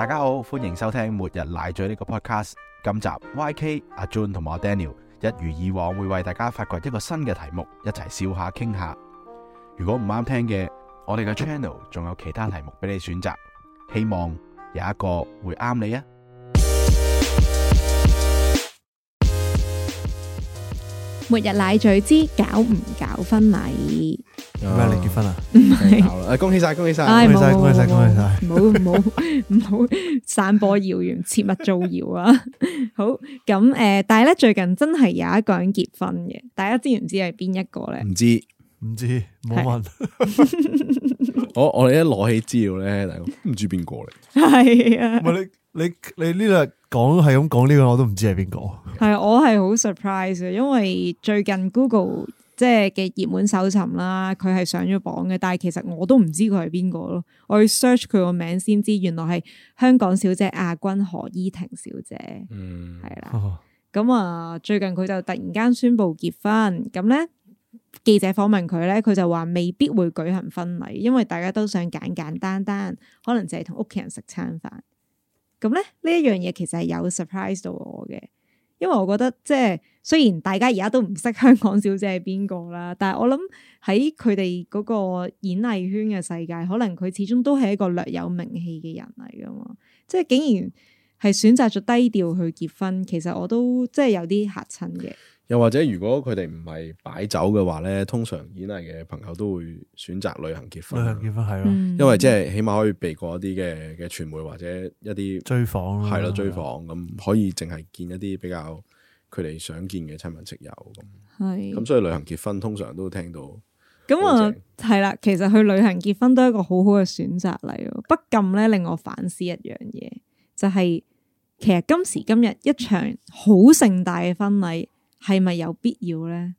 大家好，歡迎收聽末日賴嘴呢個 podcast。今集 YK 阿 Jun 同埋阿 Daniel 一如以往會為大家發掘一個新嘅題目，一齊笑下傾下。如果唔啱聽嘅，我哋嘅 channel 仲有其他題目俾你選擇，希望有一個會啱你啊！末日奶嘴之搞唔搞婚禮？有咩嚟結婚啊？唔係，恭喜晒，恭喜晒，恭喜晒，恭喜晒，恭喜晒！唔好唔好唔好散播謠言，切勿造謠啊！好咁，誒，但係咧最近真係有一個人結婚嘅，大家知唔知係邊一個咧？唔知。唔知冇問，我我哋一攞起資料咧，大家唔知邊個嚟，係啊是的，唔係你你你呢個講係咁講呢個，我都唔知係邊個。係我係好 surprise，因為最近 Google 即係嘅熱門搜尋啦，佢係上咗榜嘅，但係其實我都唔知佢係邊個咯。我去 search 佢個名先知，原來係香港小姐亞軍何依婷小姐。嗯，係啦的。咁啊呵、嗯，最近佢就突然間宣布結婚，咁咧。記者訪問佢咧，佢就話未必會舉行婚禮，因為大家都想簡簡單單，可能淨係同屋企人食餐飯。咁咧，呢一樣嘢其實係有 surprise 到我嘅，因為我覺得即係雖然大家而家都唔識香港小姐係邊個啦，但係我諗喺佢哋嗰個演藝圈嘅世界，可能佢始終都係一個略有名氣嘅人嚟噶嘛，即係竟然係選擇咗低調去結婚，其實我都即係有啲嚇親嘅。又或者，如果佢哋唔係擺酒嘅話咧，通常演藝嘅朋友都會選擇旅行結婚。旅行結婚係咯，因為即係起碼可以避過一啲嘅嘅傳媒或者一啲追訪係咯追訪咁，的可以淨係見一啲比較佢哋想見嘅親朋戚友。係咁的，所以旅行結婚通常都聽到咁啊，係啦。其實去旅行結婚都係一個好好嘅選擇嚟。不禁咧令我反思一樣嘢，就係、是、其實今時今日一場好盛大嘅婚禮。係咪有必要呢？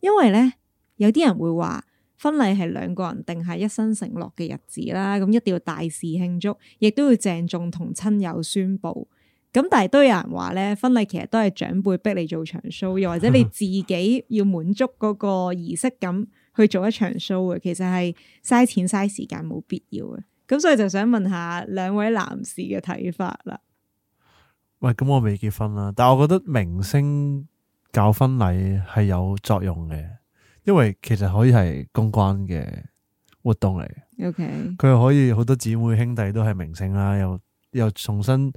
因為呢，有啲人會話婚禮係兩個人定係一生承諾嘅日子啦，咁、嗯、一定要大事慶祝，亦都要鄭重同親友宣布。咁但係都有人話呢，婚禮其實都係長輩逼你做場 show，又或者你自己要滿足嗰個儀式感去做一場 show 嘅，其實係嘥錢嘥時間冇必要嘅。咁所以就想問下兩位男士嘅睇法啦。喂，咁我未結婚啦，但係我覺得明星。搞婚禮係有作用嘅，因為其實可以係公關嘅活動嚟。O K，佢又可以好多姊妹兄弟都係明星啦，又又重新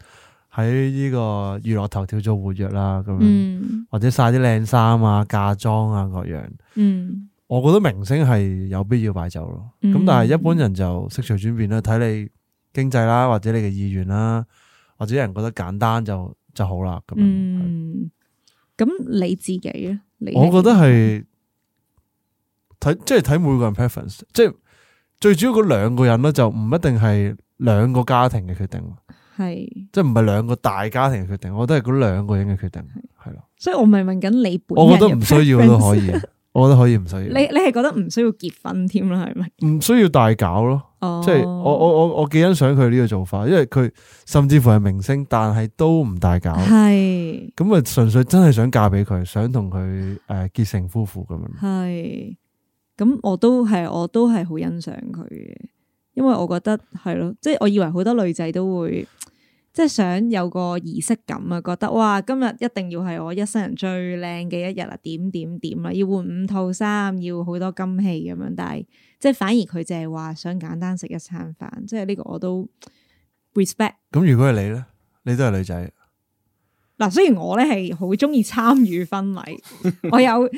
喺呢個娛樂頭條做活躍啦，咁樣、嗯、或者晒啲靚衫啊、嫁妝啊各樣。嗯，我覺得明星係有必要擺酒咯。咁、嗯、但係一般人就適時轉變啦，睇你經濟啦，或者你嘅意願啦，或者有人覺得簡單就就好啦。咁樣。嗯咁你自己咧？我覺得係睇，即係睇每個人 preference，即係最主要嗰兩個人咧，就唔一定係兩個家庭嘅決定，係是即係唔係兩個大家庭嘅決定，我覺得係嗰兩個人嘅決定，係咯是。了所以我咪問緊你本人。我覺得唔需要都可以。 我覺得可以唔使，你你係覺得唔需要結婚添啦，係咪？唔需要大搞咯。哦、即係我我我我幾欣賞佢呢個做法，因為佢甚至乎係明星，但係都唔大搞，係咁啊，純粹真係想嫁俾佢，想同佢誒結成夫婦咁樣，係咁我都係，我都係好欣賞佢嘅，因為我覺得係咯，即係我以為好多女仔都會。即係想有個儀式感啊，覺得哇，今日一定要係我一生人最靚嘅一日啦，點點點啦，要換五套衫，要好多金器咁樣，但係即係反而佢淨係話想簡單食一餐飯，即係呢個我都 respect。咁如果係你咧，你都係女仔？嗱，雖然我咧係好中意參與婚禮， 我有我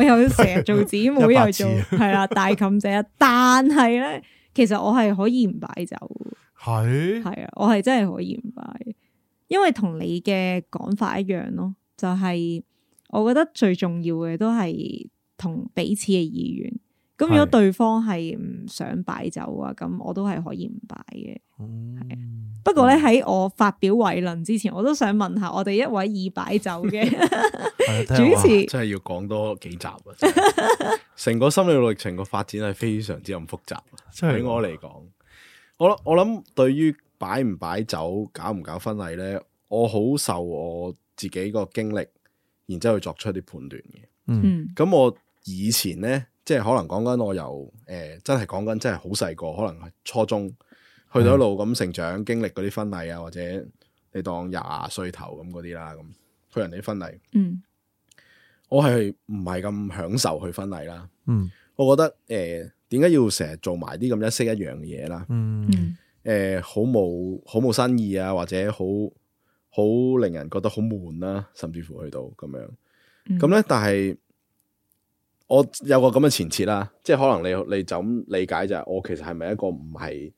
100 次 有成日做姊妹又做係啦大妗姐，但係咧。其實我係可以唔擺酒，係係啊，我係真係可以唔擺，因為同你嘅講法一樣咯，就係、是、我覺得最重要嘅都係同彼此嘅意願。咁如果對方係唔想擺酒啊，咁我都係可以唔擺嘅。係、嗯、是不過咧喺我發表偉論之前，我都想問下我哋一位已擺酒嘅主持，真係要講多幾集啊！成 個心理歷程個發展係非常之咁複雜，喺我嚟講，我我諗對於擺唔擺酒，搞唔搞婚禮咧，我好受我自己個經歷，然之後去作出啲判斷嘅。嗯，咁我以前咧。即係可能講緊我由誒、呃、真係講緊真係好細個，可能係初中去到一路咁成長，嗯、經歷嗰啲婚禮啊，或者你當廿歲頭咁嗰啲啦，咁去人哋婚禮，嗯，我係唔係咁享受去婚禮啦？嗯，我覺得誒，點、呃、解要成日做埋啲咁一式一樣嘢啦？嗯，誒、呃，好冇好冇新意啊，或者好好令人覺得好悶啦，甚至乎去到咁樣，咁咧，嗯嗯、但係。我有個咁嘅前設啦，即係可能你你就咁理解就係我其實係咪一個唔係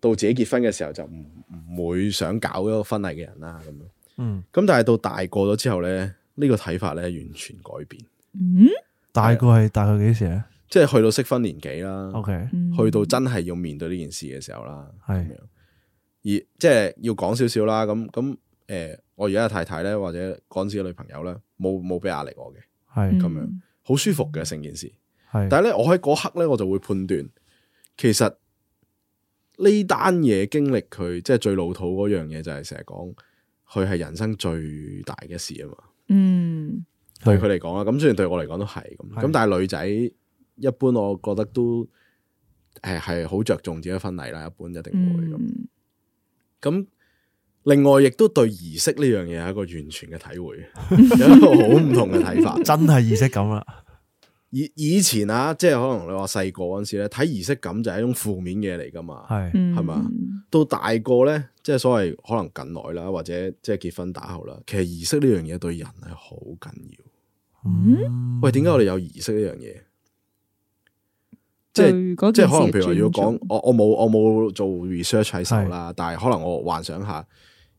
到自己結婚嘅時候就唔唔會想搞一個婚禮嘅人啦。咁樣嗯，咁但係到大過咗之後咧，呢、這個睇法咧完全改變。嗯，是大概係大概幾時啊？即係去到適婚年紀啦。OK，去到真係要面對呢件事嘅時候啦，係、嗯、而即係要講少少啦。咁咁誒，我而家嘅太太咧，或者港姐嘅女朋友咧，冇冇俾壓力我嘅，係咁、嗯、樣。好舒服嘅成件事，是的 但係咧，我喺嗰刻咧，我就會判斷，其實呢單嘢經歷佢，即係最老土嗰樣嘢，就係成日講佢係人生最大嘅事啊嘛。嗯，對佢嚟講啦，咁是的 雖然對我嚟講都係咁，咁是的 但係女仔一般，我覺得都誒係好着重自己嘅婚禮啦，一般一定會咁。嗯另外，亦都對儀式呢樣嘢係一個完全嘅體會，有一個好唔同嘅睇法。真係儀式感啦！以以前啊，即係可能你話細個嗰陣時咧，睇儀式感就係一種負面嘢嚟噶嘛，係係嘛？到大個咧，即係所謂可能近耐啦，或者即係結婚打後啦，其實儀式呢樣嘢對人係好緊要。嗯，喂，點解我哋有儀式呢樣嘢？即係即係，可能譬如話要講，我我冇我冇做 research 喺手啦，但係可能我幻想下。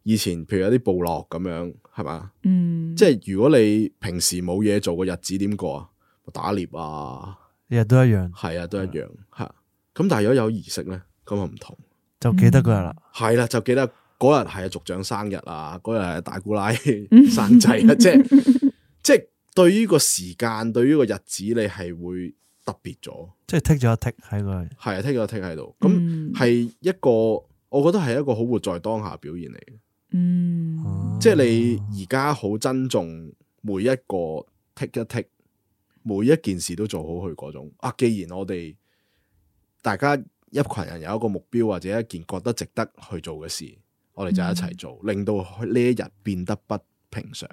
以前譬如有啲部落咁樣，係嘛？嗯，即係如果你平時冇嘢做個日子點過獵啊？打獵啊，日日都一樣，係啊，都一樣吓。咁、啊啊、但係如果有儀式咧，咁啊唔同，就記得嗰日啦。係啦，就記得嗰日係啊族長生日啊，嗰日大姑奶 生仔啊，即係 即係對於個時間，對於個日子，你係會特別咗，即係剔咗一剔喺個，係啊剔咗一剔喺度。咁係一，嗯、一個，我覺得係一個好活在當下表現嚟嘅。嗯，即係你而家好珍重每一個剔一剔，take take, 每一件事都做好佢嗰種。啊，既然我哋大家一群人有一個目標或者一件覺得值得去做嘅事，我哋就一齊做，嗯、令到呢一日變得不平常，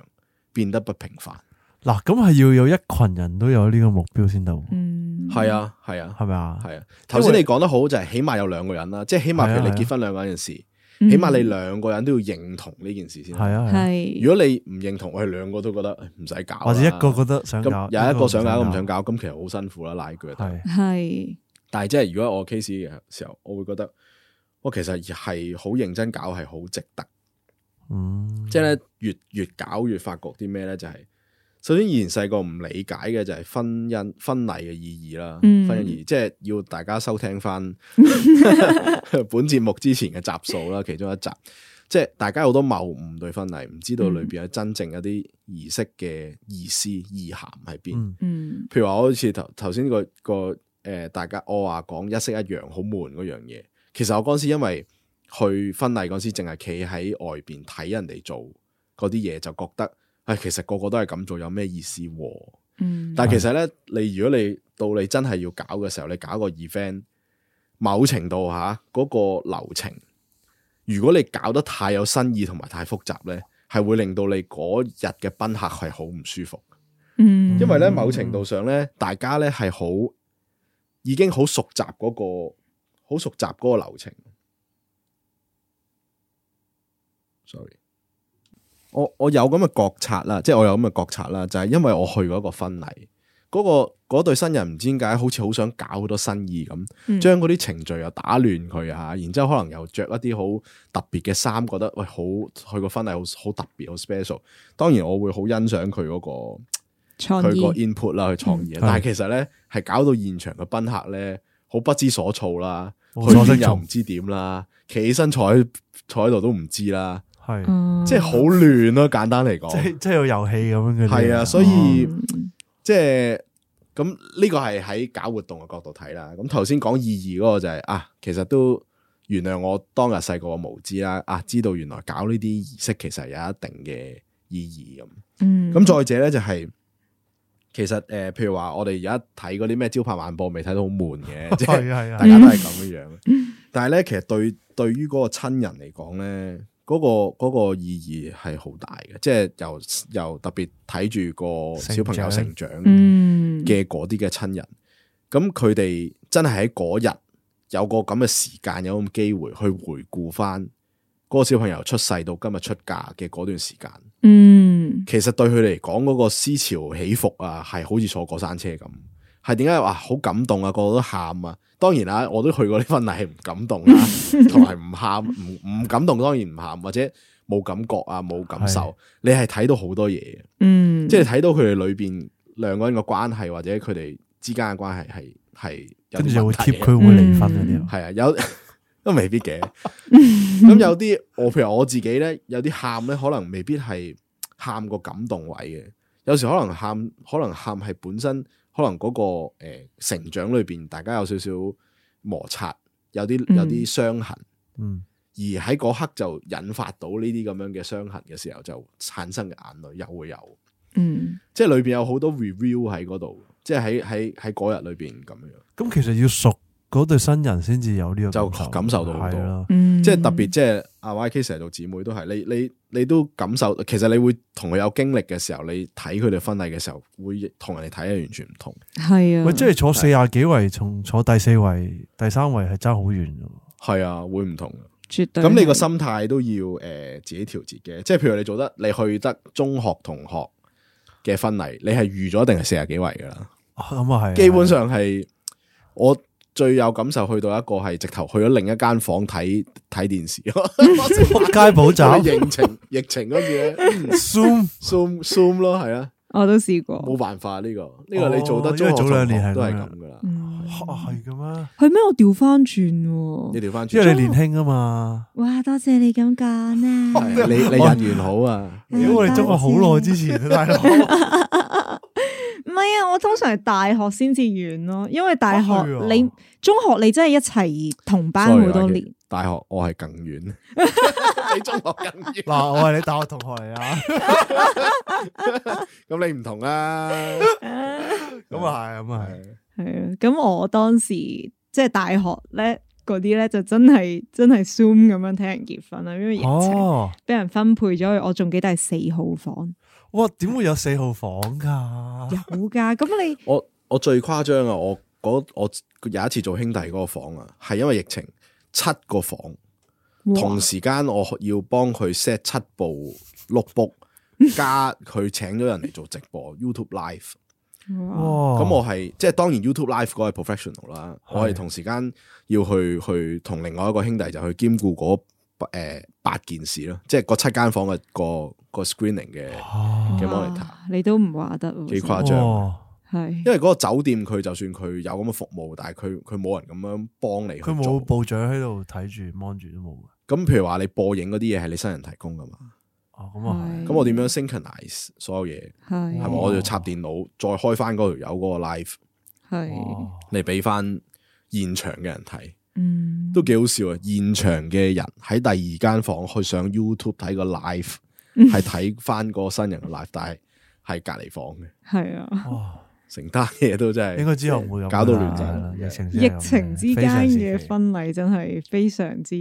變得不平凡。嗱，咁係要有一群人都有呢個目標先得。嗯，係啊，係啊，係咪啊？係吧啊。頭先你講得好，就係起碼有兩個人啦，為即係起碼，譬如你結婚兩個人嘅事。起碼你兩個人都要認同呢件事先，係啊，係啊。如果你唔認同，我哋兩個都覺得唔使搞，或者一個覺得想搞，有一個想搞，一個唔想搞，咁其實好辛苦啦，拉佢。係啊，係啊。但係即係如果我的 case 嘅時候，我會覺得我其實係好認真搞，係好值得。嗯。即係咧，啊，越越搞越發覺啲咩咧，就係。首先，以前細個唔理解嘅就係婚姻婚禮嘅意義啦，婚禮、嗯、即係要大家收聽翻 本節目之前嘅集數啦，其中一集，即係大家好多謬誤對婚禮，唔知道裏邊有真正一啲儀式嘅意思、嗯、意涵喺邊。嗯、譬如話好似頭頭先個個誒、呃，大家我話講一式一樣好悶嗰樣嘢，其實我嗰時因為去婚禮嗰時，淨係企喺外邊睇人哋做嗰啲嘢，就覺得。係其實個個都係咁做，有咩意思？嗯，但係其實咧，你的如果你到你真係要搞嘅時候，你搞個 event，某程度吓嗰個流程，如果你搞得太有新意同埋太複雜咧，係會令到你嗰日嘅賓客係好唔舒服。嗯，因為咧，某程度上咧，大家咧係好已經好熟習嗰個好熟習嗰個流程。sorry。我我有咁嘅覺察啦，即係我有咁嘅覺察啦，就係因為我去過一個婚禮，嗰個嗰對新人唔知點解好似好想搞好多新意咁，將嗰啲程序又打亂佢吓，然之後可能又着一啲好特別嘅衫，覺得喂好，佢個婚禮好好特別好 special，當然我會好欣賞佢嗰個佢個 input 啦，去創意，但係其實咧係搞到現場嘅賓客咧好不知所措啦，佢又唔知點啦，企起身坐喺坐喺度都唔知啦。係，嗯、即係好亂咯。簡單嚟講，即係即係有遊戲咁樣嘅。係啊，所以、哦、即係咁呢個係喺搞活動嘅角度睇啦。咁頭先講意義嗰個就係、是、啊，其實都原諒我當日細個嘅無知啦。啊，知道原來搞呢啲儀式其實有一定嘅意義咁。嗯，咁再者咧就係、是，其實誒、呃，譬如話我哋而家睇嗰啲咩朝拍晚播，未睇到好悶嘅，係係係，大家都係咁樣樣。但係咧，其實對對於嗰個親人嚟講咧。嗰、嗰個、嗰個意義係好大嘅，即係又由，由特別睇住個小朋友成長嘅嗰啲嘅親人，咁佢哋真係喺嗰日有個咁嘅時間，有咁機會去回顧翻嗰個小朋友出世到今日出嫁嘅嗰段時間。嗯，其實對佢哋嚟講，嗰、嗰個思潮起伏啊，係好似坐過山車咁，係點解話？好感動啊，個個都喊啊！當然啦，我都去過啲婚禮，係唔感動，同埋唔喊、唔唔感動，當然唔喊，或者冇感覺啊，冇感受。的你係睇到好多嘢，嗯，即係睇到佢哋裏邊兩個人嘅關係，或者佢哋之間嘅關係，係係跟住又會貼，佢會離婚嗰啲，係啊，有 都未必嘅。咁 有啲我，譬如我自己咧，有啲喊咧，可能未必係喊個感動位嘅，有時可能喊，可能喊係本身。可能嗰個誒成長裏邊，大家有少少摩擦，有啲有啲傷痕，嗯，而喺嗰刻就引發到呢啲咁樣嘅傷痕嘅時候，就產生嘅眼淚又會有，嗯，即係裏邊有好多 review 喺嗰度，即係喺喺喺嗰日裏邊咁樣。咁，嗯嗯，其實要熟。嗰對新人先至有呢個感受，感受到好多，啊嗯、即係特別，即係阿 YK 成日做姊妹都係，你你你都感受，其實你會同佢有經歷嘅時候，你睇佢哋婚禮嘅時候，會同人哋睇係完全唔同。係啊喂， 即係坐四廿幾位，從坐第四位、 第三位係爭好遠嘅係啊，會唔同，絕對。咁你個心態都要誒、呃、自己調節嘅，即係譬如你做得，你去得中學同學嘅婚禮，你係預咗定係四廿幾位㗎喇？咁啊係，嗯、基本上係我。 最有感受去到一個係直頭去咗另一間房睇睇電視，街保仔疫情疫情嗰陣，zoom zoom zoom 咯，係啊，我都試過，冇辦法，呢個呢個你做得，因為早兩年係都係咁噶啦，係噶咩？係咩？我調翻轉，你調翻轉，因為你年輕啊嘛。哇，多謝你咁講咧，你你人緣好啊，如果我哋中學好耐之前係咯。係啊，我通常係大學先至遠咯，因為大學喔對喔你中學你真係一齊同班好多年，大學我係更遠。 你中學更遠嗱， 我係你大學同學嚟啊，咁 你唔同啊，咁 啊，咁啊係。係啊，咁我當時即係大學咧，嗰啲咧就真係真係 Zoom 咁樣睇人結婚啦，因為疫情俾人分配咗，去、啊，我仲記得係四號房。哇！點會有四號房噶有噶， 咁你我我最誇張啊！我我有一次做兄弟嗰個房啊，係因為疫情，七個房哇同時間我要幫佢 set 七部 notebook 加佢請咗人嚟做直播 YouTube Live。咁哇、嗯、我係即係當然 YouTube Live 嗰個 professional 啦是，我係同時間要去去同另外一個兄弟就去兼顧嗰。誒、呃，八件事咯，即係嗰七間房嘅個個 screening 嘅嘅、啊、的 monitor，你都唔話得，幾誇張係。哇因為嗰個酒店佢就算佢有咁嘅服務，但係佢佢冇人咁樣幫你做。佢冇部長喺度睇住 mon 住都冇嘅。咁譬如話你播映嗰啲嘢係你新人提供噶嘛？哦，咁啊，咁我點樣 synchronize 所有嘢係？係咪哇我要插電腦再開翻嗰條友嗰個 live 係你俾翻現場嘅人睇？嗯，都幾好笑啊！現場嘅人喺第二間房去上 YouTube 睇個 live，係睇翻、嗯，個新人嘅 live，但係係隔籬房嘅。係啊，哇、哦！成單嘢都真係，應該之後會搞到亂陣。啊、疫情疫情之間嘅婚禮真係非常之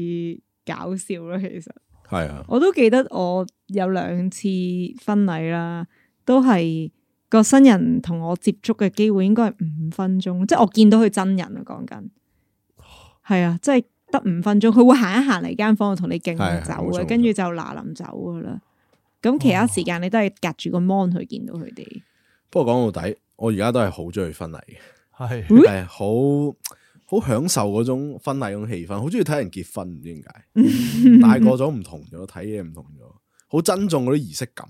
搞笑啦，其實係啊。我都記得我有兩次婚禮啦，都係個新人同我接觸嘅機會應該係五分鐘，即、就、係、是、我見到佢真人啊，講緊。係啊，即係得五分鐘，佢會行一行嚟間房間，同你敬酒，嘅，跟住就嗱臨走噶啦。咁、哦、其他時間你都係隔住個 mon 去見到佢哋。不過講到底，我而家都係好中意婚禮嘅，係好好享受嗰種婚禮嗰種氣氛，好中意睇人結婚，唔知點解。 大個咗唔同咗，睇嘢唔同咗，好珍重嗰啲儀式感。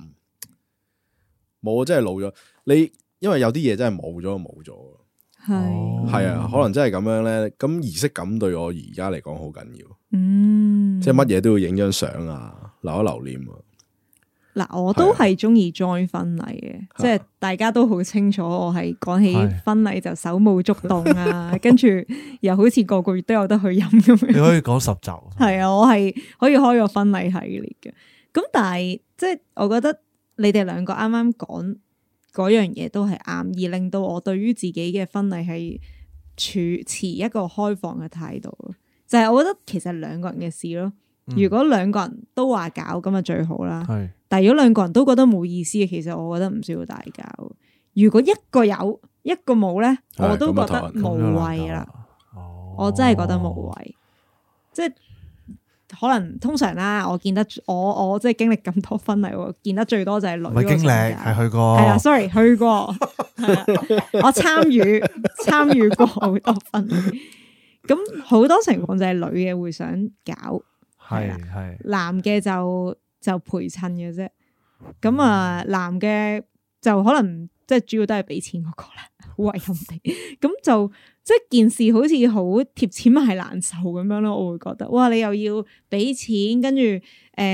冇啊，真係老咗。你因為有啲嘢真係冇咗冇咗。係係啊，嗯、可能真係咁樣咧，咁儀式感對我而家嚟講好緊要，嗯，即係乜嘢都要影張相啊，留一留念啊。嗱，我都係中意 join 婚禮嘅，啊、即係大家都好清楚，我係講起婚禮就手舞足動啊，是啊 跟住又好似個個月都有得去飲咁樣。你可以講十集，係 啊，我係可以開個婚禮系列嘅，咁但係即係我覺得你哋兩個啱啱講。嗰樣嘢都係啱，而令到我對於自己嘅婚禮係處持一個開放嘅態度咯。就係、是、我覺得其實兩個人嘅事咯，如果兩個人都話搞咁啊，最好啦。嗯、但係如果兩個人都覺得冇意思嘅，其實我覺得唔需要大搞。如果一個有一個冇呢，我都覺得無謂啦。哎、我真係覺得無謂，哦、即可能通常啦，我見得我我即係經歷咁多婚禮，見得最多就係女。唔係經歷，係去過。係啊 sorry 去過。 我參與參與過好多婚禮，咁好多情況就係女嘅會想搞，係啦係。男嘅就就陪襯嘅啫。咁啊，男嘅就可能即係主要都係俾錢嗰個啦，為咁地。咁 就。即件事好似好貼錢係難受咁樣咯，我會覺得哇，你又要俾錢，跟住誒，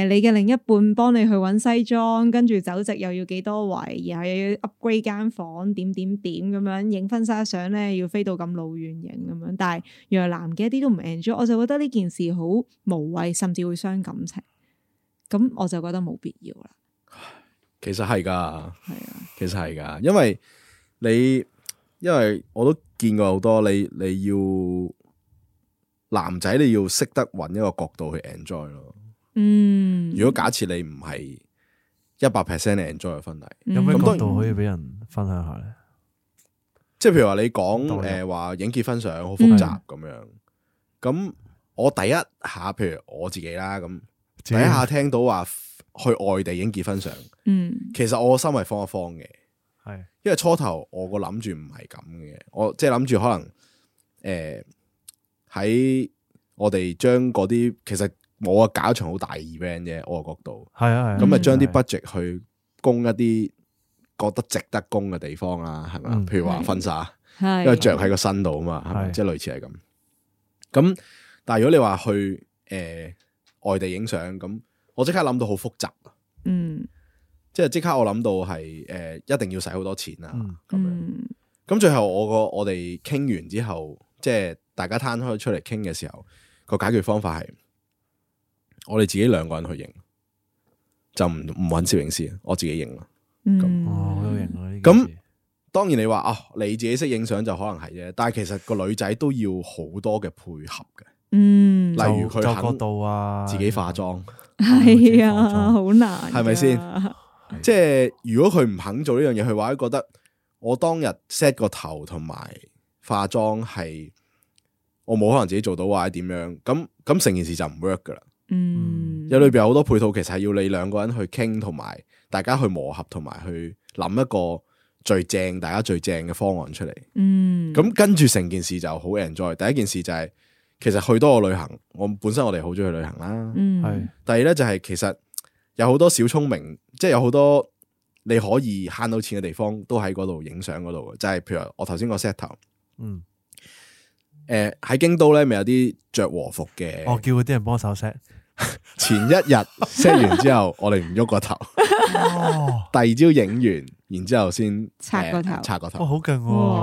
你嘅另一半幫你去揾西裝，跟住酒席又要幾多位，然後又要 upgrade 間房，點點點咁樣，影婚紗相咧，要飛到咁老遠影咁樣，但係原來男嘅一啲都唔 enjoy，我就覺得呢件事好無謂，甚至會傷感情。咁我就覺得冇必要啦。其實係噶，係啊的，其實係噶，因為你因為我都。見過好多，你你要男仔你要識得揾一個角度去 enjoy 咯。嗯，如果假設你唔係一百 percent enjoy 嘅婚禮，嗯、樣有咩角度可以俾人分享下咧、嗯？即係譬如話你講誒話影結婚相好複雜咁、嗯、樣，咁我第一下譬如我自己啦，咁第一下聽到話去外地影結婚相，嗯，其實我心係慌一慌嘅。係，因為初頭我個諗住唔係咁嘅，我即係諗住可能，誒、呃、喺我哋將嗰啲其實我啊搞一場好大 event 啫，我嘅角度係啊係，咁啊將啲 budget 去供一啲覺得值得供嘅地方、嗯、啊，係、啊、嘛？譬如話婚紗，因為着喺個身度啊嘛，係即係類似係咁。咁但係如果你話去誒、呃、外地影相，咁我即刻諗到好複雜。嗯。即係即刻我，我諗到係誒，一定要使好多錢啦，啊。咁，嗯，樣，咁最後我個我哋傾完之後，即係大家攤開出嚟傾嘅時候，個解決方法係我哋自己兩個人去影，就唔唔揾攝影師，我自己影咯。嗯，哇，好型啊！咁當然你話哦，你自己識影相就可能係啫，但係其實個女仔都要好多嘅配合嘅。嗯，例如佢角度啊，自己化妝，係啊，好 難，係咪先？ 即係如果佢唔肯做呢樣嘢，佢話覺得我當日 set 個頭同埋化妝係我冇可能自己做到，或者點樣咁咁成件事就唔 work 噶啦。嗯，有裏邊有好多配套，其實係要你兩個人去傾，同埋大家去磨合，同埋去諗一個最正、大家最正嘅方案出嚟。嗯，咁跟住成件事就好 enjoy。第一件事就係其實去多個旅行，我本身我哋好中意去旅行啦。嗯，係。第二咧就係其實有好多小聰明。即係有好多你可以慳到錢嘅地方，都喺嗰度影相嗰度嘅。就係、是、譬如我頭先個 set 頭，嗯，誒喺、呃、京都咧，咪有啲着和服嘅。哦、叫我叫嗰啲人幫手 set。 前一日 set 完之後， 我哋唔喐個頭。哦。 第二朝影完，然之後先拆個頭，拆個、呃、頭，好勁、哦啊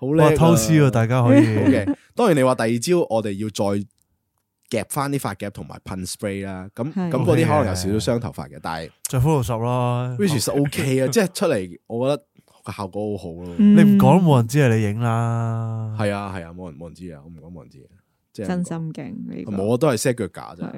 嗯，哇，好叻。偷師、啊，大家可以。好嘅。當然，你話第二朝我哋要再。夾翻啲髮夾同埋噴 spray 啦，咁咁嗰啲可能有少少傷頭髮嘅，的但係着骷髏術咯，which is O K 啊，即係出嚟，我覺得效果好好咯，嗯。你唔講都冇人知啊，你影啦，係啊係啊，冇人冇人知啊，我唔講冇人知，即係真心勁。你冇啊，都係 set 腳架啫。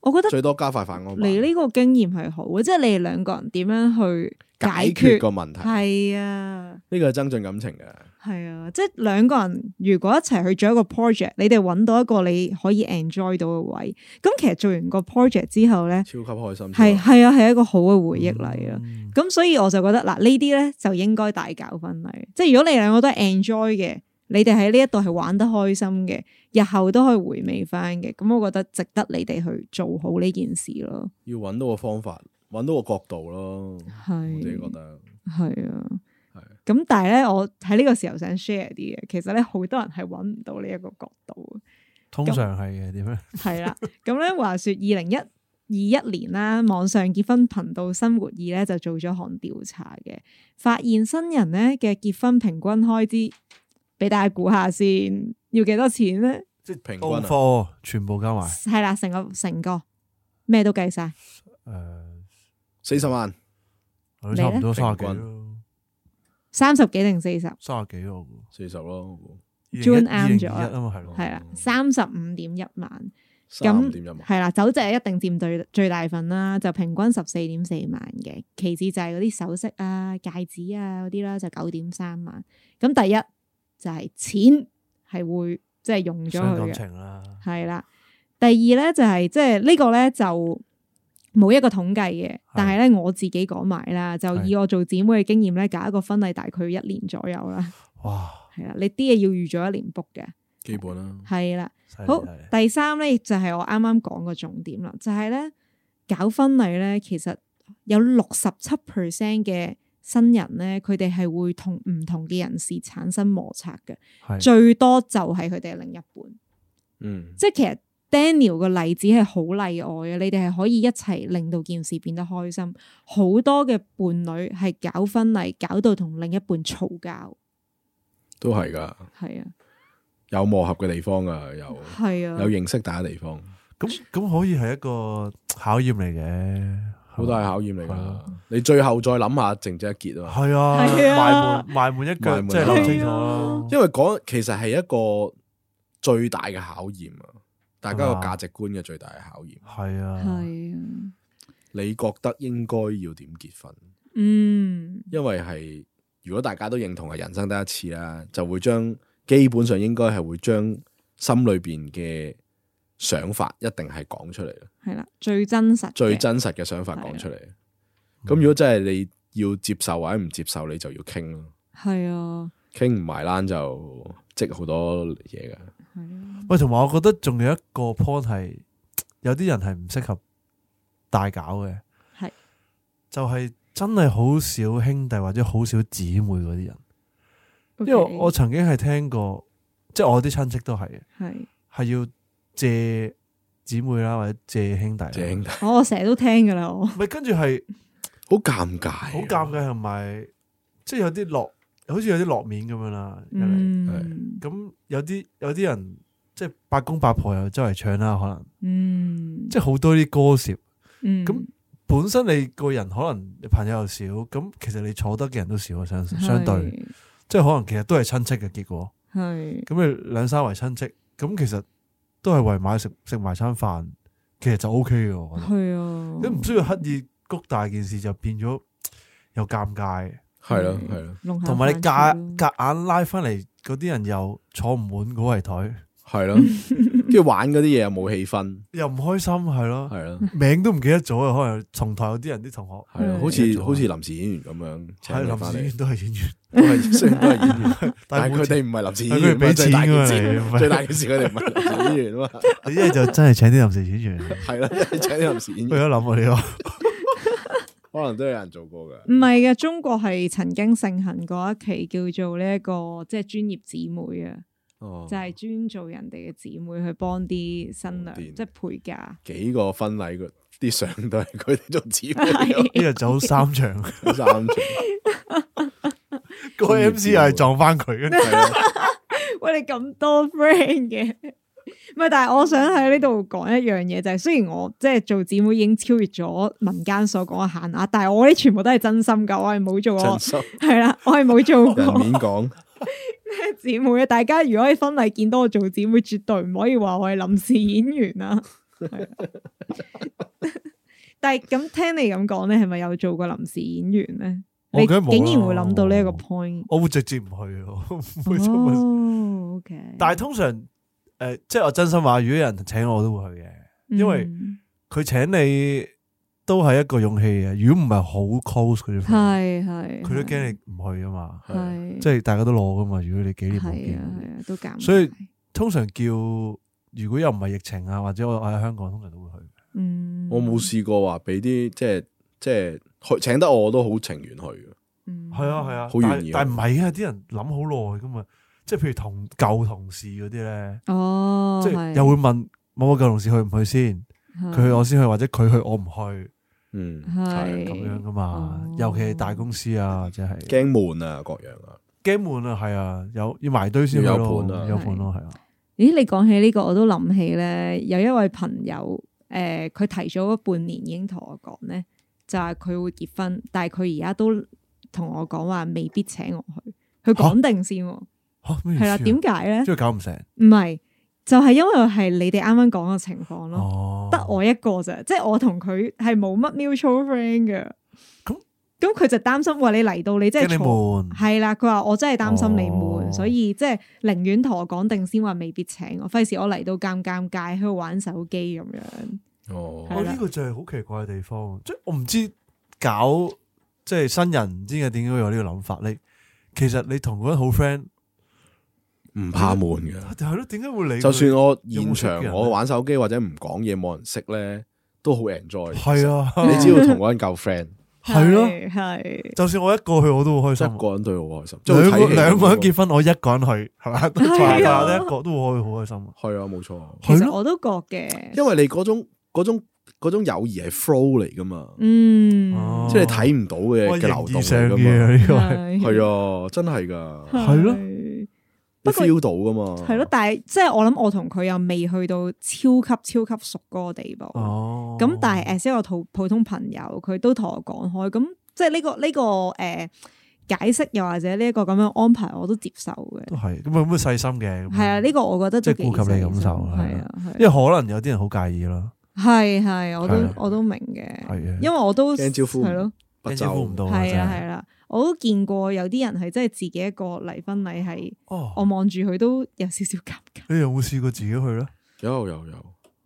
我覺得最多加快反光。你呢個經驗係好，即係你哋兩個人點樣去解決，解決個問題？係啊的，呢個係增進感情嘅。係啊，即係兩個人如果一齊去做一個 project，你哋揾到一個你可以 enjoy 到嘅位，咁其實做完個 project 之後咧，超級開心，係係啊，係一個好嘅回憶嚟啊。咁、嗯、所以我就覺得嗱，呢啲咧就應該大搞婚禮，即係如果你兩個都 enjoy 嘅，你哋喺呢一度係玩得開心嘅，日後都可以回味翻嘅。咁我覺得值得你哋去做好呢件事咯。要揾到個方法，揾到個角度咯，係，我自己覺得係啊。咁但係咧，我喺呢個時候想 share 啲嘅。其實咧，好多人係揾唔到呢一個角度。通常係嘅點咧？係啦，咁咧話說二零二一年啦，網上結婚頻道生活易咧就做咗項調查嘅，發現新人咧嘅結婚平均開支，俾大家估下先，要幾多錢咧？即係平均啊，全部加埋係啦，成個成個咩都計晒誒，四十、呃、萬，都差唔多卅幾咯。呢三十幾定四十？卅幾咯，四十咯。j 啱咗啊嘛，係咯，係啦，三十五點一萬，咁點一萬係啦，酒席一定占最最大份啦，就平均十四點四萬嘅，其次就係嗰啲首飾啊、戒指啊嗰啲啦，就九點三萬。咁第一就係、是、錢係會即係、就是、用咗佢嘅，係啦、啊。第二咧就係即係呢個咧就。就就就就就冇一個統計嘅，但係咧我自己講埋啦，是的 就以我做姊妹嘅經驗咧，是的 搞一個婚禮大概一年左右啦。哇，係啦，你啲嘢要預咗一年 book 嘅，基本啦。係啦，好，第三咧，就係我啱啱講個重點啦，就係咧搞婚禮咧，其實有六十七 percent 嘅新人咧，佢哋係會同唔同嘅人士產生摩擦嘅，是的 最多就係佢哋嘅另一半。嗯，即係其實。Daniel 嘅例子係好例外嘅，你哋係可以一齊令到件事變得開心。好多嘅伴侶係搞婚禮搞到同另一半嘈交，都係㗎，係啊，有磨合嘅地方呀，有係啊，有認識大嘅地方。咁咁可以係一個考驗嚟嘅，好大考驗嚟㗎。你最後再諗下，靜姐一結啊，係啊，埋滿埋滿一腳即係諗清楚咯。因為講其實係一個最大嘅考驗啊。大家個價值觀嘅最大嘅考驗係啊，係啊，你覺得應該要點結婚？嗯，因為係如果大家都認同係人生得一次啦，就會將基本上應該係會將心裏邊嘅想法一定係講出嚟啦。係啦，啊，最真實、最真實嘅想法講出嚟。咁，啊嗯，如果真係你要接受或者唔接受，你就要傾咯。係啊，傾唔埋欄就即好多嘢噶。喂，同埋我覺得仲有一個 point 係，有啲人係唔適合大搞嘅，係是就係真係好少兄弟或者好少姊妹嗰啲人，Okay 因為我曾經係聽過，即係我啲親戚都係，係係是要借姊妹啦或者借兄弟，借兄弟， 哦，我成日都聽噶啦，我咪跟住係好尷尬，好尷尬，同埋即係有啲落。好似有啲落面咁樣啦，咁、嗯、有啲有啲人即係八公八婆又周圍唱啦，可能，嗯、即係好多啲歌舌，咁、嗯、本身你個人可能朋友又少，咁其實你坐得嘅人都少，相相對，是即係可能其實都係親戚嘅結果，咁是你兩三圍親戚，咁其實都係圍埋食食埋餐飯，其實就 O K 嘅，我覺得，你唔、啊、需要刻意谷大件事就變咗有尷尬。係咯，係咯，同埋你夾夾硬拉翻嚟嗰啲人又坐唔滿嗰圍枱，係咯，跟住玩嗰啲嘢又冇氣氛，又唔開心，係咯，係咯，名都唔記得咗啊！可能重台有啲人啲同學，係咯，好似好似臨時演員咁樣，係臨時演員都係演員，都係演員，但係佢哋唔係臨時演員，佢哋俾錢噶嘛，最大件事佢哋唔係臨時演員啊嘛，你一係就真係請啲臨時演員，係啦，請啲臨時演員，我諗啊你話。可能都有人做過噶，唔係嘅，中國係曾經盛行過一期叫做呢、這、一個即係專業姊妹啊，哦、就係專做人哋嘅姊妹去幫啲新娘，癲啊、即係陪嫁。幾個婚禮嘅啲相都係佢哋做姊妹，一日走三場， 三場個 M C 又係撞翻佢。嘅 喂， 你咁多 friend 嘅？唔係，但係我想喺呢度講一樣嘢就係、是，雖然我即係做姊妹已經超越咗民間所講嘅限額，但係我啲全部都係真心噶，我係冇做，係啦，我係冇做過。唔心免講咩姊妹啊！大家如果喺婚禮見到我做姊妹，絕對唔可以話我係臨時演員啦。 但係咁聽你咁講咧，係咪有做過臨時演員咧？你竟然會諗到呢一個 point？我會直接唔去，唔會做。哦，OK。但係通常。誒、呃，即係我真心話，如果有人請我，都會去嘅，因為佢請你都係一個勇氣嘅。如果唔係好 close 佢，係係，佢都驚你唔去啊嘛。係，係係即係大家都攞噶嘛。如果你幾年冇見，係啊，啊，都減。所以通常叫，如果又唔係疫情啊，或者我喺香港，通常都會去。嗯，我冇試過話俾啲，即係即係請得我，我都好情願去嘅。嗯，係啊係啊，好、啊啊、容易但。但係唔係啊？啲人諗好耐噶嘛。即係譬如同舊同事嗰啲咧，哦，即係又會問某某舊同事去唔去先？佢去我先去，或者佢去我唔去？嗯，係咁樣噶嘛？尤其係大公司啊，即係驚悶啊，各樣啊，驚悶啊，係啊，有要埋堆先有伴啊，有伴咯，係啊。咦，你講起呢個，我都諗起咧，有一位朋友，誒，佢提早咗半年已經同我講咧，就係佢會結婚，但係佢而家都同我講話未必請我去，佢講定先。係啦，點解咧？即係搞唔成。唔係，就係因為係你哋啱啱講嘅情況咯。得，哦，我一個咋，即係我同佢係冇乜 mutual friend 嘅。咁咁佢就擔心話你嚟到你即係悶。係啦，佢話我真係擔心你悶，哦、所以即係寧願同我講定先話，未必請我。費事我嚟到尷尷尬喺度玩手機咁樣。哦，呢個就係好奇怪嘅地方，即係我唔知搞即係新人，唔知點解會有呢個諗法。你其實你同嗰啲好 friend。唔怕悶嘅，就算我現場我玩手機或者唔講嘢，冇人識咧，都好 enjoy。係啊，你只要同個人夠 friend，係咯，係。就算我一個去，我都好開心。一個人對我好開心，兩兩個人結婚，我一個人去，係嘛？係一個都好開，好開心啊。係啊，冇錯。其實我都覺嘅，因為你嗰種種種友誼係 flow 嚟噶嘛，嗯，即係你睇唔到嘅嘅流動嚟噶嘛，呢個係係啊，真係噶，係咯。feel 到噶嘛？係咯，但係即係我諗，我同佢又未去到超級超級熟嗰個地步。哦，咁但係 at least 我同普通朋友，佢都同我講開，咁即係呢、這個呢、這個誒、呃、解釋，又或者呢一個咁樣安排，我都接受嘅。都係咁啊，咁啊細心嘅。係啊，呢、這個我覺得即係顧及你感受，係啊，因為可能有啲人好介意咯。係係，我都我都明嘅，係啊的，因為我都係咯。的跟住走唔到，係啦係啦，我都見過有啲人係真係自己一個嚟婚禮，係，哦、我望住佢都有少少尷尬。你有冇試過自己去咧？有有有，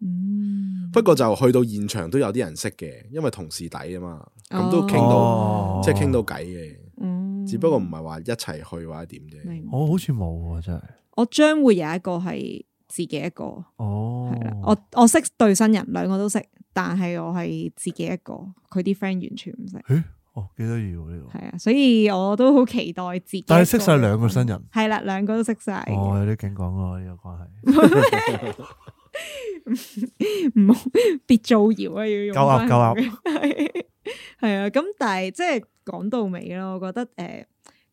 嗯。不過就去到現場都有啲人識嘅，因為同事底啊嘛，咁都傾到，哦、即係傾到偈嘅。嗯、哦。只不過唔係話一齊去或者點啫，我、哦、好似冇啊，真係。我將會有一個係自己一個，哦，係啦、啊，我我識對新人，兩個都識。但係我係自己一個，佢啲 friend 完全唔識。誒，哦，幾得意喎呢個。係啊，所以我都好期待自己。但係識晒兩個新人。係啦，兩個都識晒。哦，有啲勁講啊呢個關係。唔好，別造謠啊！要用。夠啊夠啊！係係啊，咁 但係即係講到尾咯，我覺得誒、呃，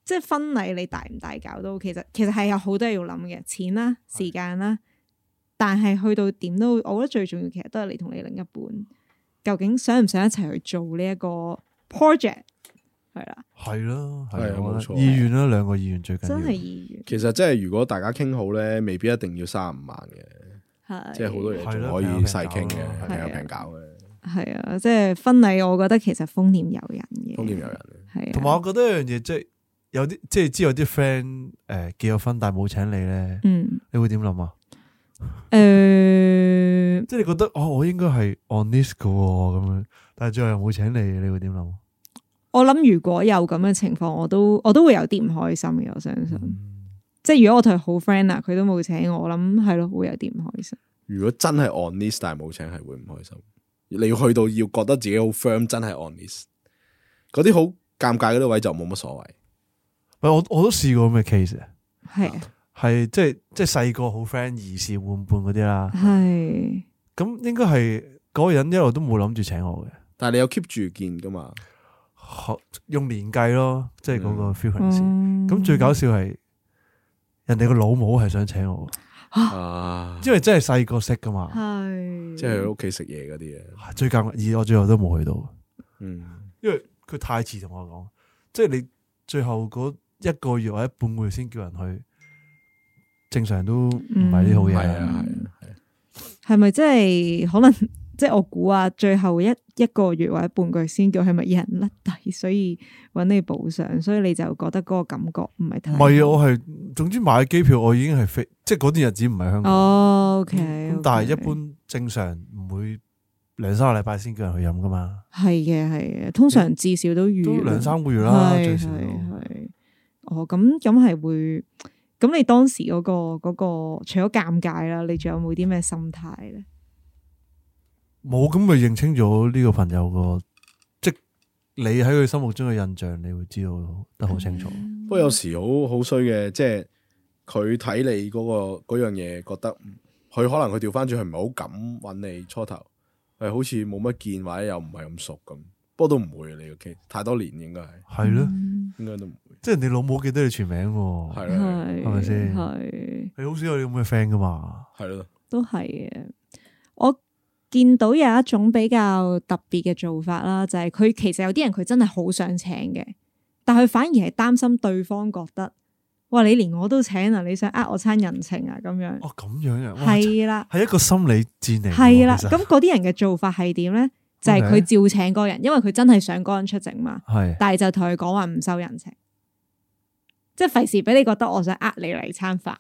即係婚禮你大唔大搞都，其實其實係有好多嘢要諗嘅，錢啦，時間啦。但係去到點都，我覺得最重要其實都係你同你另一半，究竟想唔想一齊去做呢一個 project 係啦，係咯，係冇錯，意願啦，兩個意願最緊要。真係意願。其實即係如果大家傾好咧，未必一定要三五萬嘅，係即係好多嘢仲可以細傾嘅，係有平搞嘅。係啊，即係婚禮，我覺得其實豐儉由人嘅，豐儉由人。係，同埋我覺得一樣嘢，即係有啲即係知有啲 friend 誒，結咗婚但係冇請你咧，嗯，你會點諗啊？誒、呃，即係你覺得哦，我應該係 on list 嘅咁樣，但係最後又冇請你，你會點諗？我諗如果有咁嘅情況，我都我都會有啲唔開心嘅。我相信，嗯、即係如果我同佢好 friend 啊，佢都冇請我，諗係咯，會有啲唔開心。如果真係 on list 但係冇請，係會唔開心？你要去到要覺得自己好 firm，真係 on list，嗰啲好尷尬嗰啲位就冇乜所謂。唔、嗯、我我都試過咩 case 啊的？係但。係即係即係細個好 friend，兒時玩伴嗰啲啦。係咁是應該係嗰個人一路都冇諗住請我嘅。但係你有 keep 住見噶嘛學？用年計咯，即係嗰個 frequency。咁最搞笑係、嗯、人哋個老母係想請我，啊、因為真係細個識噶嘛，是即係喺屋企食嘢嗰啲嘢。最近以我最後都冇去到，嗯，因為佢太遲同我講，即係你最後嗰一個月或者半個月先叫人去。正常都唔係啲好嘢、嗯。係咪即係可能即係我估啊？最後一一個月或者半個月先叫係咪有人甩底，所以揾你補償，所以你就覺得嗰個感覺唔係太。唔係啊，我係總之買機票，我已經係飛，即係嗰段日子唔係香港。哦、o、okay, k、okay. 嗯、但係一般正常唔會兩三個禮拜先叫人去飲噶嘛。係嘅，係嘅。通常至少都預兩三個月啦。的最少係。哦，咁咁係會。咁你當時嗰、個嗰、個除咗尷尬啦，你仲有冇啲咩心態咧？冇，咁咪認清咗呢個朋友個，即你喺佢心目中嘅印象，你會知道得好清楚。不過、 嗯、有時好好衰嘅，即係佢睇你嗰、個嗰樣嘢，覺得佢可能佢調翻轉，去唔係好敢揾你初頭，係好似冇乜見或者又唔係咁熟咁。不過都唔會啊，你 OK？太多年應該係係咯，應該都。嗯即係你老母記得你全名喎，係咪先？係。你好少有咁嘅 friend 噶嘛？係咯，都係嘅。我見到有一種比較特別嘅做法啦，就係、是、佢其實有啲人佢真係好想請嘅，但係佢反而係擔心對方覺得，哇！你連我都請啊，你想呃我餐人情啊咁樣。哦，咁樣嘅、啊，係啦，係的一個心理戰嚟。係啦的，咁嗰啲人嘅做法係點咧？就係佢照請嗰人，Okay. 因為佢真係想嗰人出席嘛。係，但係就同佢講話唔收人情。即係費事俾你覺得我想呃你嚟餐飯，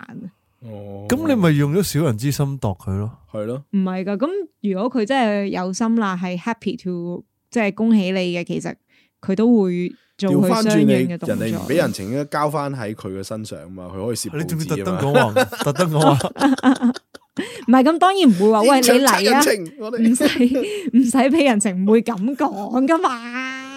哦，咁你咪用咗小人之心度佢咯，係咯？唔係噶，咁如果佢真係有心啦，係 happy to，即係恭喜你嘅，其實佢都會做翻轉你，人哋唔俾人情應該交翻喺佢嘅身上嘛，佢可以試補貼啊嘛，特登講話，特登講話，唔係咁，當然唔會話喂你嚟啊，唔使唔使俾人情，唔會咁講噶嘛。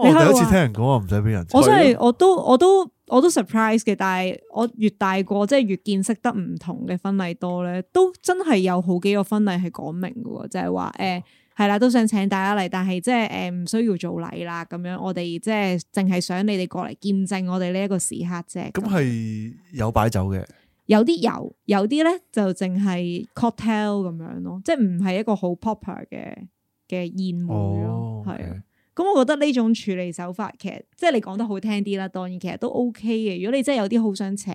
你第一次聽人講話唔使俾人情，我真係我都我都。我都 surprise 嘅，但係我越大個，即係越見識得唔同嘅婚禮多咧，都真係有好幾個婚禮係講明㗎喎，就係話誒係啦，都想請大家嚟，但係即係誒唔需要做禮啦咁樣，我哋即係淨係想你哋過嚟見證我哋呢一個時刻啫。咁係有擺酒嘅，有啲有，有啲咧就淨係 cocktail 咁樣咯，即係唔係一個好 proper 嘅嘅宴會咯，係啊、哦。咁我覺得呢種處理手法其實，即係你講得好聽啲啦，當然其實都 OK 嘅。如果你真係有啲好想請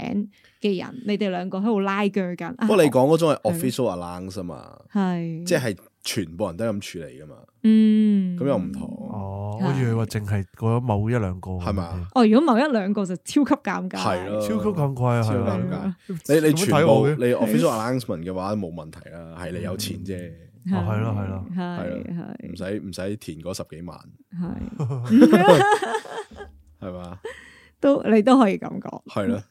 嘅人，你哋兩個喺度拉鋸緊。不過你講嗰種係 official allowance 啊嘛，係的即係全部人都係咁處理噶嘛。嗯的，咁又唔同哦。我以為話淨係嗰某一兩個係咪啊？哦，如果某一兩個就超級尷尬，係咯的，超級尷尬係啦。尷尬你你全部你 official allowance 嘅話都冇問題啦，係你有錢啫。嗯係咯，係咯，係係唔使唔使填嗰十幾萬，係係嘛，都你都可以咁講。係咯。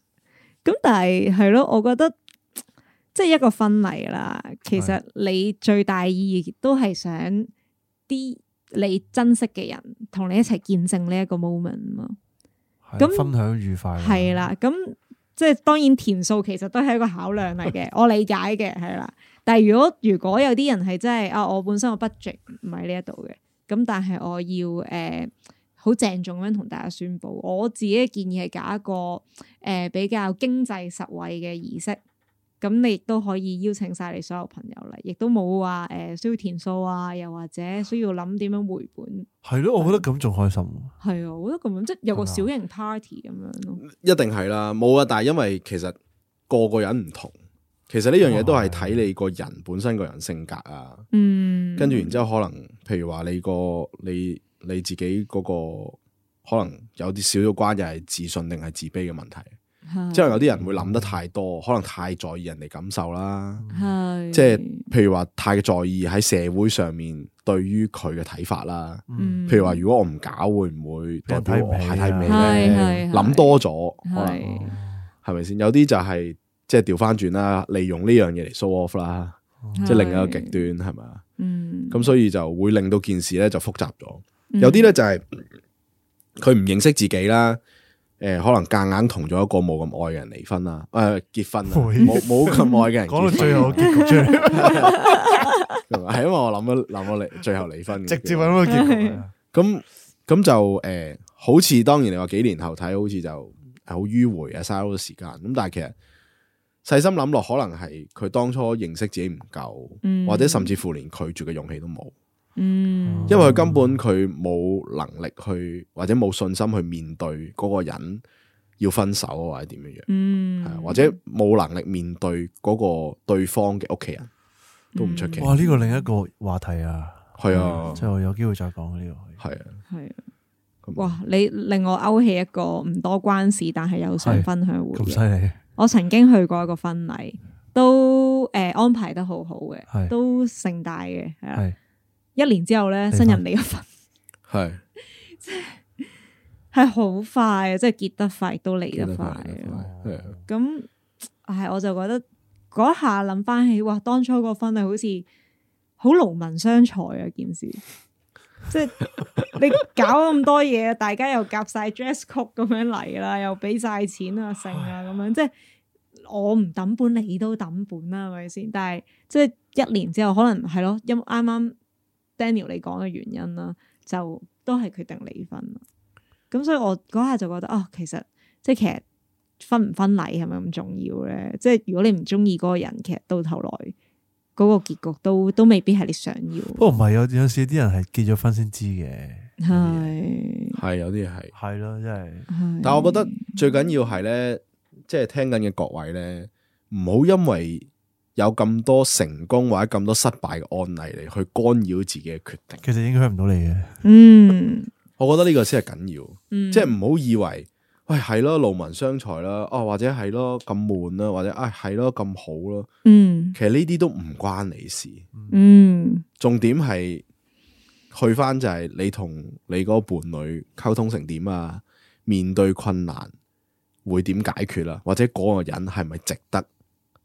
咁但係，係咯，我覺得即係一個婚禮啦，其實你最大意義都係想啲你珍惜嘅人同你一齊見證呢一個 moment 啊。咁分享愉快係啦。咁即係當然填數其實都係一個考量嚟嘅，我理解嘅係啦。但係如果如果有啲人係真係啊，我本身我 budget 唔喺呢一度嘅，咁但係我要誒好鄭重咁樣同大家宣布，我自己嘅建議係搞一個誒、呃、比較經濟實惠嘅儀式，咁你亦都可以邀請晒你所有朋友嚟，亦都冇話誒需要填數啊，又或者需要諗點樣回本？係咯，我覺得咁仲開心咯。係啊、嗯，我覺得咁樣即係有個小型 party 咁樣咯。一定係啦，冇啊！但係因為其實個個人唔同。其實呢樣嘢都係睇你個人本身個人性格啊，跟住、嗯、然之後可能，譬如話你個你你自己嗰個可能有啲少少關嘅係自信定係自卑嘅問題，哦、即係有啲人會諗得太多，可能太在意人哋感受啦，嗯、即係譬如話太在意喺社會上面對於佢嘅睇法啦，嗯、譬如話如果我唔搞會唔會代表我太咩咧？諗、嗯、多咗可能係咪先？有啲就係、係。即係調翻轉啦，利用呢樣嘢嚟 show off 啦，哦、即係另一個極端係咪？嗯，咁所以就會令到件事咧就複雜咗。有啲咧就係佢唔認識自己啦，誒、呃，可能夾硬同咗一個冇咁愛嘅人離婚啦，誒、呃，結婚啊，冇冇咁愛嘅人。講到最後結局出嚟， 係因為我諗咗諗咗離，最後離婚，直接搵個結局。咁咁就誒、呃，好似當然你話幾年後睇，好似就係好迂迴啊，嘥咗好多時間。咁但係其實。細心諗落，可能係佢當初認識自己唔夠，嗯、或者甚至乎連拒絕嘅勇氣都冇。嗯，因為佢根本佢冇能力去，或者冇信心去面對嗰個人要分手，或者點樣樣。嗯，或者冇能力面對嗰個對方嘅屋企人，都唔出奇、嗯。哇，呢個另一個話題啊，係啊，最後有機會再講呢個。係啊，係啊，啊。哇，你令我勾起一個唔多關事，但係又想分享嘅故事。咁犀利！我曾經去過一個婚禮，都誒安排得好好嘅，都盛大嘅。係一年之後咧，新人離咗婚，係即係係好快啊！即係結得快，都嚟得快。係咁，唉，我就覺得嗰下諗翻起，哇！當初個婚禮好似好勞民傷財啊！件事，即係你搞咁多嘢，大家又夾晒 dress code 咁樣嚟啦，又俾晒錢啊剩啊咁樣，即係。我唔抌本，你都抌本啦，係咪先？但係即係一年之後，可能係咯，因啱啱 Daniel 你講嘅原因啦，就都係決定離婚啦。咁所以我嗰下就覺得，哦，其實即係其實婚唔婚禮係咪咁重要咧？即係如果你唔中意嗰個人，其實到頭來嗰個結局都都未必係你想要。不過唔係有有時啲人係結咗婚先知嘅，係係的有啲係係咯，即係。真真的但係我覺得最緊要係咧。即係聽緊嘅各位呢，唔好因為有咁多成功或者咁多失敗嘅案例嚟，去干擾自己嘅決定。其實影響唔到你嘅。嗯，我覺得呢個先係緊要。嗯，即係唔好以為喂係咯，勞民傷財啦，哦或者係咯，咁悶啦，或者啊係咯咁好咯。嗯，其實呢啲都唔關你事。嗯，重，重點係去翻，就係你同你嗰個伴侶溝通成點啊，面對困難。會點解決啦？或者嗰個人係咪值得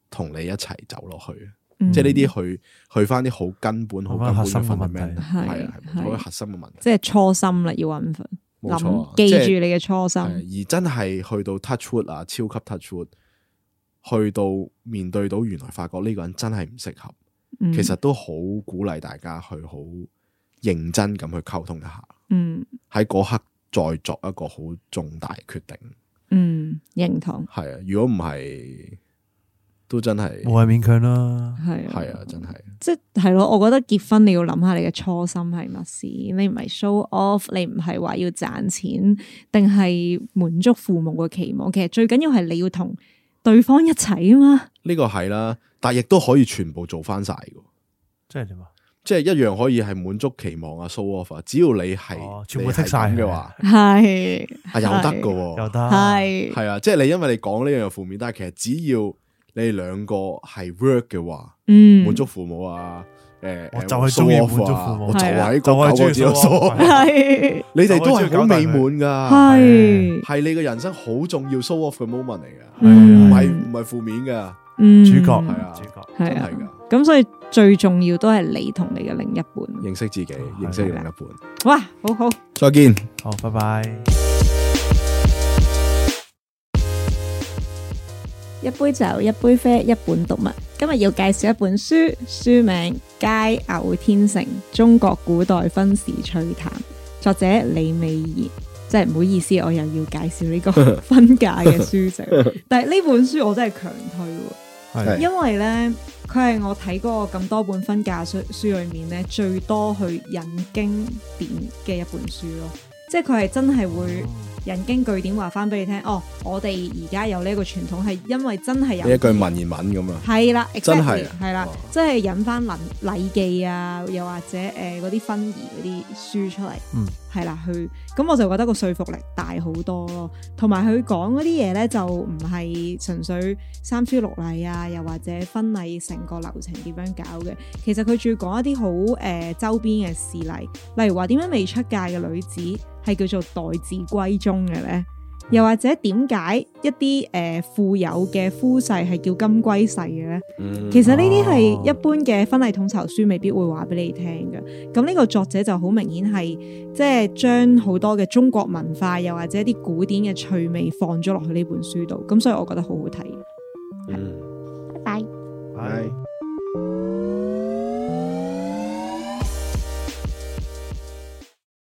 同你一齊走落去？即係呢啲去去翻啲好根本、好根本嘅問題係係，嗰啲核心嘅問題，即係初心啦。要穩份諗，記住你嘅初心，而真係去到 touch wood 啊，超級 touch wood，去到面對到原來發覺呢個人真係唔適合，其實都好鼓勵大家去好認真咁去溝通一下。嗯，喺嗰刻再作一個好重大決定。嗯，認同係啊！如果唔係，都真係冇謂勉強啦。係係啊，真係即係咯！我覺得，結婚你要諗下你嘅初心係乜事，你唔係 show off，你唔係話要賺錢，定係滿足父母嘅期望。其實最緊要係你要同對方一齊啊嘛。呢個係啦，但亦都可以全部做翻晒㗎。即係點啊？即係一樣可以係滿足期望啊，show off，只要你係全部係晒嘅話，係係有得噶，有得係係啊，即係你因為你講呢樣有負面，但係其實只要你哋兩個係 work 嘅話，嗯，滿足父母啊，誒，就係 show off 母，就係就係中意 show off，你哋都係好美滿噶，係係你嘅人生好重要 show off 嘅 moment 嚟嘅，唔係唔係負面嘅，主角係啊，主角係啊。咁所以最重要都係你同你嘅另一半認識自己，認識另一半。哇，好好，再見，好，拜拜。一杯酒，一杯啡，一本讀物。今日要介紹一本書，書名《佳偶天成：中國古代婚史趣談》，作者李美儀。即係唔好意思，我又要介紹呢個婚嫁嘅書籍， 但係呢本書我真係強推，的因為呢。佢係我睇過咁多本婚嫁書書裏面咧，最多去引經典嘅一本書咯，即係佢係真係會引經據典話翻俾你聽。嗯、哦，我哋而家有呢個傳統，係因為真係有一句文言文咁啊，係啦了，真係係啦，了哇即係引翻禮禮記啊，又或者誒嗰啲婚儀嗰啲書出嚟。嗯係啦，去咁、嗯、我就覺得個說服力大好多咯，同埋佢講嗰啲嘢咧就唔係純粹三書六禮啊，又或者婚禮成個流程點樣搞嘅，其實佢仲要講一啲好誒周邊嘅事例，例如話點樣未出嫁嘅女子係叫做待字閨中嘅咧。又或者點解一啲誒、呃、富有嘅夫婿係叫金龜婿嘅咧？嗯啊、其實呢啲係一般嘅婚禮統籌書未必會話俾你聽嘅。咁呢個作者就好明顯係即係將好多嘅中國文化，又或者一啲古典嘅趣味放咗落去呢本書度。咁所以我覺得好好睇。嗯、拜拜。係。